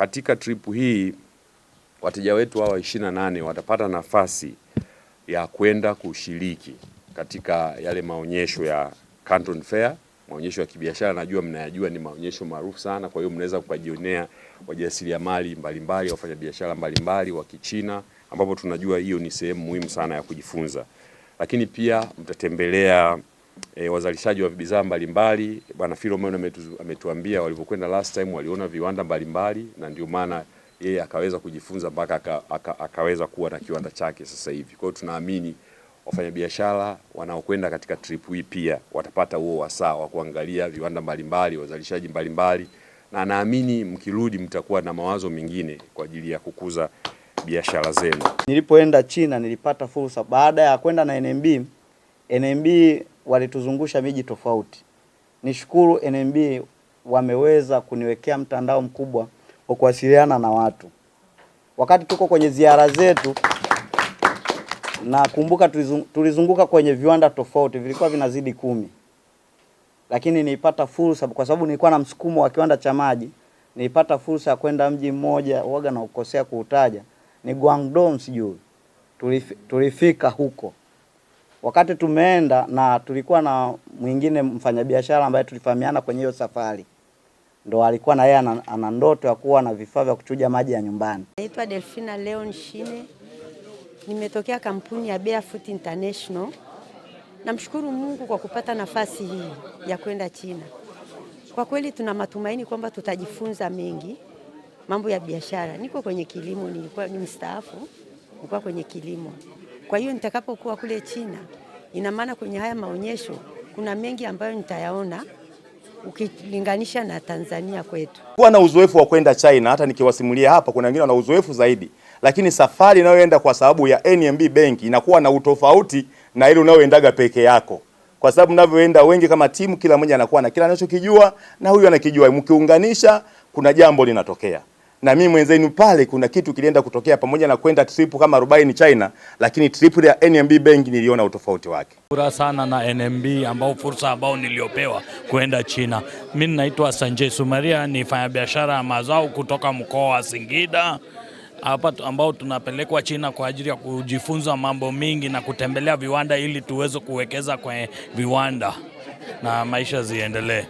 katika trip hii wateja wetu hawa nane watapata nafasi ya kwenda kushiriki katika yale maonyesho ya Canton Fair, maonyesho ya kibiashara. Najua mnayajua ni maonyesho maarufu sana, kwa hiyo mnaweza kujionea wajasiriamali mbalimbali, wafanyabiashara mbalimbali wa Kichina, ambapo tunajua hiyo ni sehemu muhimu sana ya kujifunza, lakini pia mtatembelea e, wazalishaji wa bidhaa mbalimbali. Bwana Philomena ametu, ametuambia walivyokwenda last time waliona viwanda mbalimbali mbali, na ndio maana yeye akaweza kujifunza mpaka aka, aka, akaweza kuwa na kiwanda chake sasa hivi. Kwa hiyo tunaamini wafanyabiashara wanaokwenda katika trip hii pia watapata huo wasaa wa kuangalia viwanda mbalimbali, wazalishaji mbalimbali, na naamini mkirudi mtakuwa na mawazo mengine kwa ajili ya kukuza biashara zenu. Nilipoenda China nilipata fursa baada ya kwenda na NMB. NMB walituzungusha miji tofauti. Nishukuru NMB wameweza kuniwekea mtandao mkubwa wa kuwasiliana na watu. Wakati tuko kwenye ziara zetu, nakumbuka tulizunguka kwenye viwanda tofauti, vilikuwa vinazidi kumi, lakini nilipata fursa, kwa sababu nilikuwa na msukumo wa kiwanda cha maji, nilipata fursa ya kwenda mji mmoja, waga na ukosea kuutaja, ni Guangdong sijui, tulifika huko Wakati tumeenda na tulikuwa na mwingine mfanyabiashara ambaye tulifahamiana kwenye hiyo safari, ndo alikuwa na yeye ana ndoto ya kuwa na vifaa vya kuchuja maji ya nyumbani. Naitwa Delfina Leon Shine, nimetokea kampuni ya Barefoot International. Namshukuru Mungu kwa kupata nafasi hii ya kwenda China. Kwa kweli tuna matumaini kwamba tutajifunza mengi mambo ya biashara. Niko kwenye kilimo, nilikuwa ni mstaafu, nilikuwa kwenye kilimo. Kwa hiyo nitakapokuwa kule China, ina maana kwenye haya maonyesho kuna mengi ambayo nitayaona ukilinganisha na Tanzania kwetu. Kuwa na uzoefu wa kwenda China, hata nikiwasimulia hapa, kuna wengine wana uzoefu zaidi, lakini safari inayoenda kwa sababu ya NMB Bank inakuwa na utofauti na ile unayoendaga peke yako, kwa sababu mnavyoenda wengi kama timu, kila mmoja anakuwa na kila anachokijua na huyu anakijua, mkiunganisha kuna jambo linatokea na mimi mwenzenu pale, kuna kitu kilienda kutokea, pamoja na kwenda trip kama arobaini China, lakini trip ya NMB Bank niliona utofauti wake. Kura sana na NMB ambao fursa ambao niliopewa kwenda China. Mimi naitwa Sanjay Sumaria, ni mfanyabiashara ya mazao kutoka mkoa wa Singida hapa ambao tunapelekwa China kwa ajili ya kujifunza mambo mingi na kutembelea viwanda ili tuweze kuwekeza kwenye viwanda na maisha ziendelee.